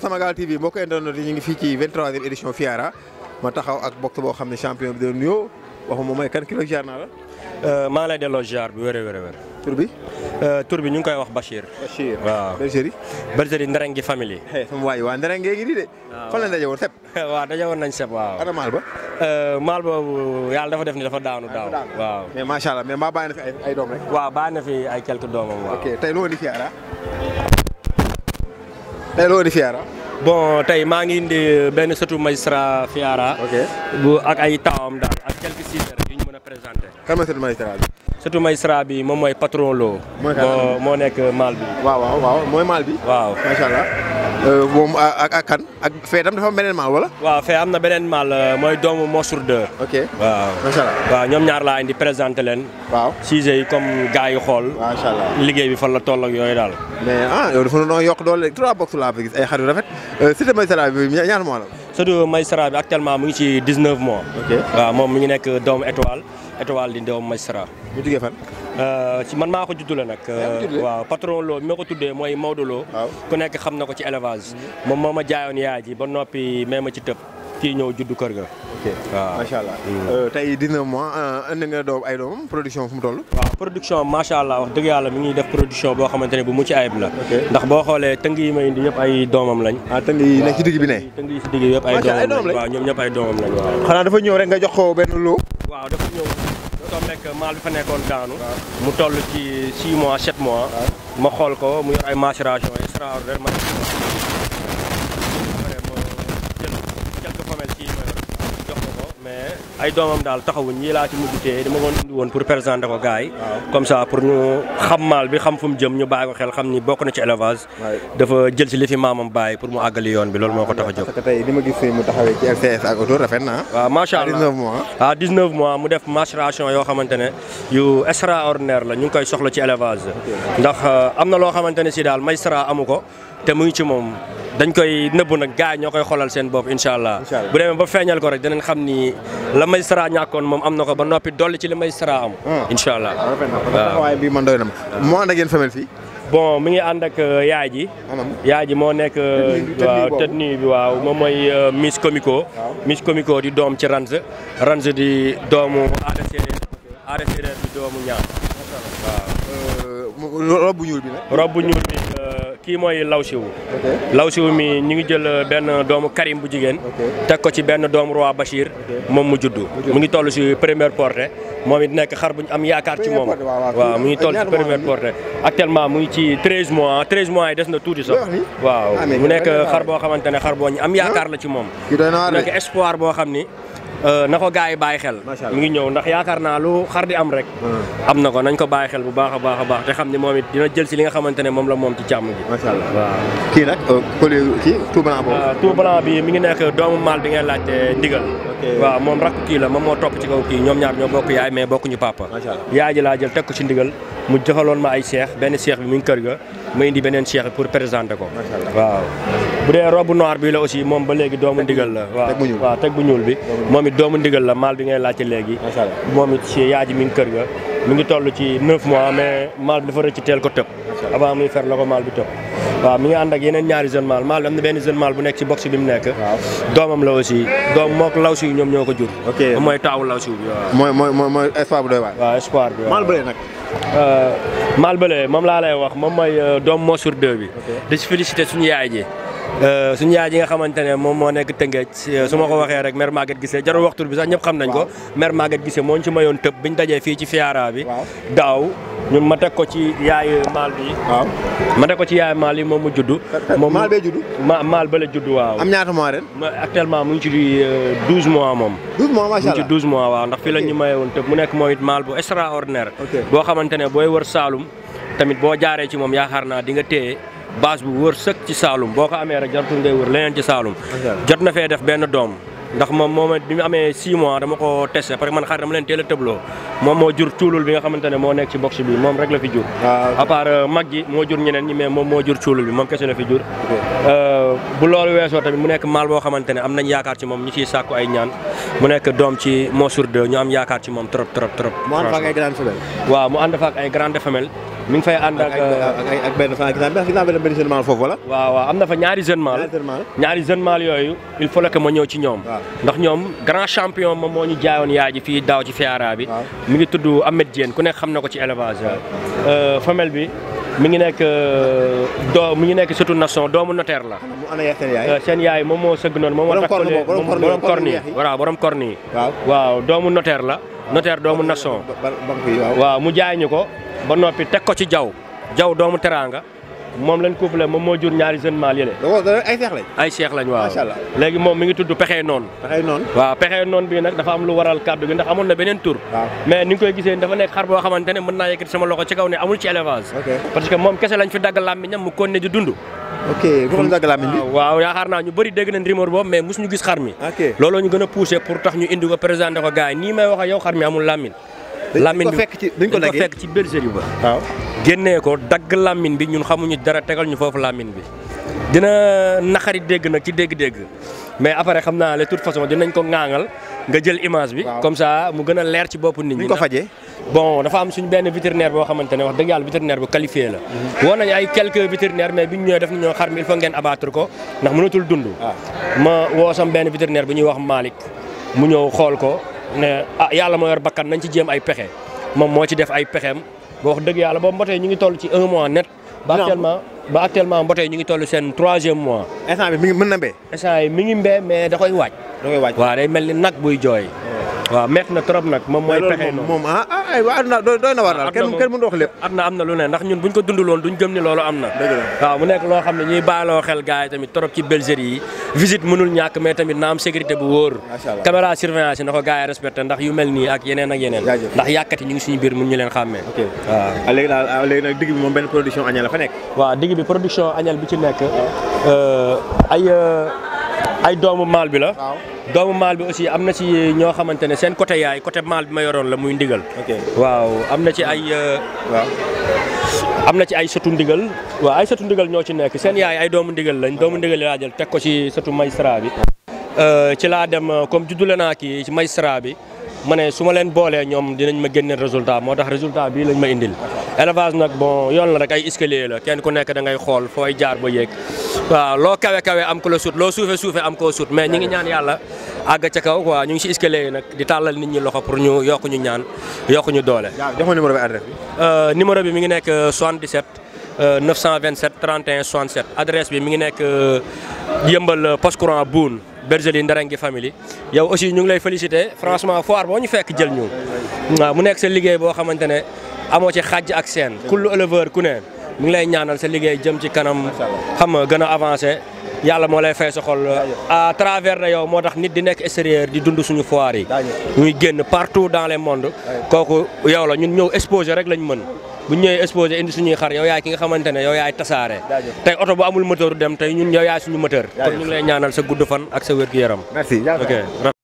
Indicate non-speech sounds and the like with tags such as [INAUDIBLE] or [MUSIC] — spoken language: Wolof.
Samagal TV mbokk internet yi ñu ngi fi ci 23e édition Fiara ma taxaw ak bokk bo xam champion bi do nuyoo waxuma may kan kilo jarna la euh ma lay delo jar bi wéré wéré wéré tur bi. Euh, tur bi ñu ngi koy wax Bachir. Bachir waaw bergerie. bergerie Nderengi famille. [LAUGHS] sama waa yi waa Nderengee ngi nii de. waaw fan la daje woon Sepp. [LAUGHS] waaw daje woon nañ Sepp waaw. maal ba. Euh, maal boobu dafa def ni dafa daanu daaw. waaw mais macha allah mais maa bàyyi na fi ay ay doom fi ay quelques doomam waaw. tey loo indi fiara. tey loo indi fiara. bon tey maa ngi indi benn sëtu magistrat fiara. ok ak ay taawam daal ak quelques sister yu ñu mën a présenté. kan ma surtout magistrat bi moom mooy patron loo. moo nekk maal bi. waaw waaw mooy maal bi. waaw macha allah. Euh, moom ak ak ak fee dafa am beneen maal wala. waaw fee am na beneen maal euh, mooy doomu Mosur 2. ok waaw macha allah. waaw ñoom ñaar laa indi présenté leen. waaw sujet yi comme gars yi xool. macha allah liggéey bi fan la toll ak yooyu daal. mais ah yow dafa doon yokk doole rek trois box laa fa gis ay xar yu rafet euh, surtout magistrat bi ñaar moo actuellement mu ngi ci 19 mois. ok moom mi ngi nekk doomu étoile. étoile di ndew magistrat. bu jugee fan. Euh, ci man maa ko juddule nag. waaw patron loo bi ma ko tuddee mooy Maodo Lo. ku nekk xam na ko ci elevage mhm. moom moo ma jaayoon yaay ji ba noppi mee ma ci tëb kii ñëw juddu kër ga. ok waaw macha allah. Mhm. Euh, tey dina mois euh, indi nga doom ay doom production fu mu toll. waaw production macha allah wax dëgg yàlla mu ngi def production boo xamante ne bu mucc ayib la. ndax boo xoolee tëng yi may indi yëpp ay doomam lañ. ah tëng yi nekk ci digg bi ne. tëng yi ci yëpp ay ñëpp ay doomam maal bi fa nekkoon daanu. mu toll ci 6 mois 7 mois. ma xool ko mu yor ay macération extraordinaire ay doomam daal taxawuñ ñii laa ci mujj tee dama woon indi woon pour présenter ko gars yi comme ça pour ñu xam maal bi xam fu mu jëm ñu bàyyi ko xel xam ni bokk na ci élevage dafa jël si li fi maamam bàyyi pour mu àggali yoon bi loolu moo ko tax a jóg parce tey li ma gis mu taxawee ci LCS ak auto rafet na ah. allah mois mu def maturation yoo xamante ne yu extraordinaire la ñu ngi koy soxla ci élevage ndax euh, am na loo xamante ne si daal maystra amu ko te mu ngi ci moom dañ koy nëbb nag gars ñoo koy xoolal seen bopp incha allah bu demee ba feeñal ko rek dinañ xam ni la may sara ñàkkoon moom am na ko ba noppi dolli ci la may sara am ah. incha allah ah, waaw man doy na ma moo ànd ak yéen bon mi ngi ànd ak euh, yaay ji yaay ji moo nekk euh, waaw nii bi waaw moom mooy euh, Miss Comico ah. Miss Comico di doom ci Ranz range di doomu aada séeréer aada di doomu ñaar rob bu ñuul bi nag. rob bu ñuul bi euh, kii mooy lawsiwu lawsiwu mi ñu ngi jël euh, benn doomu Karim bu jigéen. teg ko ci benn doomu roi Bachir. moom mu juddu mu ngi toll si première portée moom it nekk xar bu am yaakaar ci moom. waaw mu ngi toll si première portée actuellement mu ngi ci treize mois treize mois yi des na tuuti sax. waaw ah, mu nekk xar boo xamante ne xar boo ñu am yaakaar ah? la ci moom. nekk espoir boo xam ni. Euh, na ko gars yi bàyyi xel mu ngi ñëw ndax yaakaar naa lu xar di am rek hmm. am na ko nañ ko bàyyi xel bu baax a baax a baax te xam ni moom it dina jël si li nga xamante ne moom la moom ci càmm gi macha allah waaw kii nag euh, collègue kii tout blanc boobu euh, tout blanc bi mi ngi nekk doomu maal bi ngay laajte ndigal waaw moom rakk kii la moom moo topp ci kaw kii ñoom ñaar ñoo bokk yaay mais bokkuñu papa yaay ji laa jël teg ko ci ndigal mu joxaloon ma ay cheikh benn cheikh bi mu ngi kër ga ma indi beneen cheikh bi pour présenter ko waaw bu dee robe n bi la aussi moom ba léegi doomu ndigal la waaw waaw teg bu ñuul bi tamit doomu ndigal la maal bi ngay laajte léegi moom it yaay ji mi ngi kër ga mi ngi toll ci 9 mois mais maal bi dafa rëcc teel ko tëb avant muy fer la ko maal tëb waaw mi ngi ànd ak yeneen ñaari jeune mâle mâle am na benn jeune mâle bu nekk ci box bi mu nekk doomam la aussi doom mook law siw ñoom ñoo ko jur mooy taawu law siw bi waaw mooy mooy mooy espoir bu doy waar espoir bi mâle euh, bële moom laa lay wax moom mooy euh, doom moo sur deux bi di ci félicité yaay ji Euh, suñ yaay ji nga xamante ne moom moo nekk Tëngéej euh, su ma ko waxee rek mère Maguette Guissé jarul waxtu bi sax ñëpp xam nañ ko mère Maguette Guissé moo ñu ci mayoon tëb biñ ci Fiara bi daaw ñun ma teg ko ci yaayu maal bi. ci yaayu maal yi moom mu juddu moom maal bee judd. ma maal ba la judd waaw. am ñaata mois ren. ma actuellement mu ngi ci 12 euh, mois moom. 12 mois macha allah mu mois waaw ndax fii la ñu woon te mu nekk moom it maal bu extraordinaire. boo xamante ne booy wër Saalum tamit boo jaaree ci moom yaakaar naa di nga téye. base bu wër sëkk ci Saalum boo ko amee rek jartul ngay wër leneen ci Saalum. jot na fee def benn doom. ndax moom moom bi mu amee 6 mois dama ko testé parce que man xar dama leen teel a tëbloo moom moo jur cuulul bi nga xamante ne moo nekk ci box bi moom rek la fi jur. Ah, à part euh, mag gi moo jur ñeneen ñi mais moom moo jur cuulul bi moom kese la fi jur. Euh, bu loolu weesoo tamit mu nekk maal boo xamante ne am nañ yaakaar ci moom ñu ciy sàkku ay ñaan. mu nekk doom ci Mansour 2 ñu am yaakaar ci moom trop trop trop. mu ànd fa ak ay grandes femelles. waaw mu ànd fa ak ay grandes femelles. mi fay ànd ak euh, benn fan gis naa benn foofu wala. waaw waaw am na fa ñaari jeune mâle. ñaari jeune mâle yooyu. il faut que ma ñëw ci ñoom. ndax ñoom grand champion moom moo ñu jaayoon yaay ji fii daaw ci fiara bi. mi ngi tudd Ahmed Diène ku nekk xam ne ko ci élevage. Euh, famille bi. mi ngi nekk euh, doo mi ngi nekk surtout nation doomu notaire la. Euh, seen yaay moom moo sëgg noon moom moo takkalee borom corne yi waaw borom korni yi. waaw doomu notaire la. notaire doomu nation. waaw mu jaay ñu ko ba noppi teg ko ci jaw jaw doomu teraanga. moom lañ couplé moom moo jur ñaari jeune mâle yële. ay seex ay seex waaw léegi moom mi ngi tudd pexe noonu. pexe noonu waaw pexe noonu bi nag dafa am lu waral kàddu gi ndax amoon na beneen tur. mais ni koy gisee dafa nekk xar boo xamante ne mën naa yëkkati sama loxo ci kaw ne amul ci élevage. parce que moom kese lañ fi dagg làmmiñam mu konne di dund. ok dagg làmmiñ waaw yaakaar naa ñu bëri dégg nañ rumeur boobu mais mosuñu gis xar mi. ok looloo ñu gën a poussé indi ko présenté ko may wax ak yow mi amul làmmiñ lamine bi dañ ko fekk ci bergerie ba waaw génnee ko dagg lamine bi ñun xamuñu dara tegal ñu foofu lamine bi dina naxari dégg nag ci dégg-dégg mais après xam naa de toute façon dinañ ko ŋaangal nga jël image bi. comme ça mu gën a leer ci boppu nit ñi. ko fajee bon dafa am suñu benn vétérinaire boo xamante ne wax dëgg yàlla vétérinaire bu qualifié la. Mhm. woon nañu ay quelques vétérinaires mais biñ ñëwee def nañoo xar mi il faut ngeen abattre ko ndax mënatul dund. Ah. ma woo sam benn vétérinaire bu ñuy wax Malick mu ñëw xool ko. ne ah yàlla moo yor bakkan nañ ci jéem ay pexe moom moo ci def ay pexem boo wax dëgg yàlla boo mbotee ñu ngi toll ci un mois net. ba actuellement ba actuellement mbotee ñu ngi toll seen troisième mois. instant bi mi ngi mën na mbé. instant yi mi ngi mbé mais da koy waaj. da koy day mel ni nag buy jooy. waaw met na trop nag moom mooy pexe noonu moom ah, ah ay waa aduna na am na lu ne ñun buñ ko dunduloon duñ gëm ni loolu am na waaw nekk loo xam ne ñuy baaloo xel gars yi tamit trop ci Bergerie ñàkk mais tamit na am sécurité bu wóor caméra surveillance yi na ko gars yu mel nii ak yeneen ak yeneen ndax yàkkati ñu ngi suñu biir mun ñu leen xàmmee waaw ah, léegi daal ah, moom benn production agnelle la fa nekk waaw digg bi production agnelle bi ci nekk euh, ay euh, ay doomu maal bi la doomu maal bi aussi am na ci ñoo xamante ne seen côté yaay côté maal bi ma yoroon la muy ndigal. waaw am na ci ay. Euh, waaw am na ci ay sëtu ndigal. waaw ay sëtu ndigal ñoo ci nekk seen yaay ay doomu ndigal lañ doomu ndigal laa jël teg ko ci sëtu magistrat bi. Euh, ci laa dem euh, comme juddule naa kii ci magistrat bi ma ne su ma leen boolee ñoom dinañ ma génneel résultat moo tax résultat bii lañ ma indil. élevage nag bon yoon la rek ay escalier la kenn ku nekk da ngay xool fooy jaar ba yéeg. waaw ko la mais ñi ngi ñaan yàlla. àgg ca kaw quoi ñu ngi si escalier nag di tàllal nit ñi loxo pour ñu yokk ñu ñaan yokk ñu doole. waaw jox ma bi adresse ngi euh, numéro bi mi ngi nekk 77 927 31 67 adresse bi mi ngi nekk euh, yëmbal euh, poste courant Boune Bergerie Ndarangi famille yow aussi ñu ngi lay féliciter franchement foire boo ñu fekk jël ñu. waaw mu nekk sa liggéey boo xamante ne amoo ci xàjj ak seen. kullu éleveur ku ne mu ngi lay ñaanal sa liggéey jëm ci kanam. xam gën a avancé. yàlla moo lay fay sa xol à travers na yow moo tax nit di nekk extérieur di dund suñu foire yi ñuy génn partout dans les mondes kooku yow la ñun ñëw exposé rek lañ mën bu ñu ñëwee exposé indi suñuy xar yow yaay ki nga xamante ne yow yaay tasaare tey oto bu amul moteur dem tey ñun yow yaay suñu moteur kon ñu lay ñaanal sa gudd fan ak sa wér-gu-yaram ok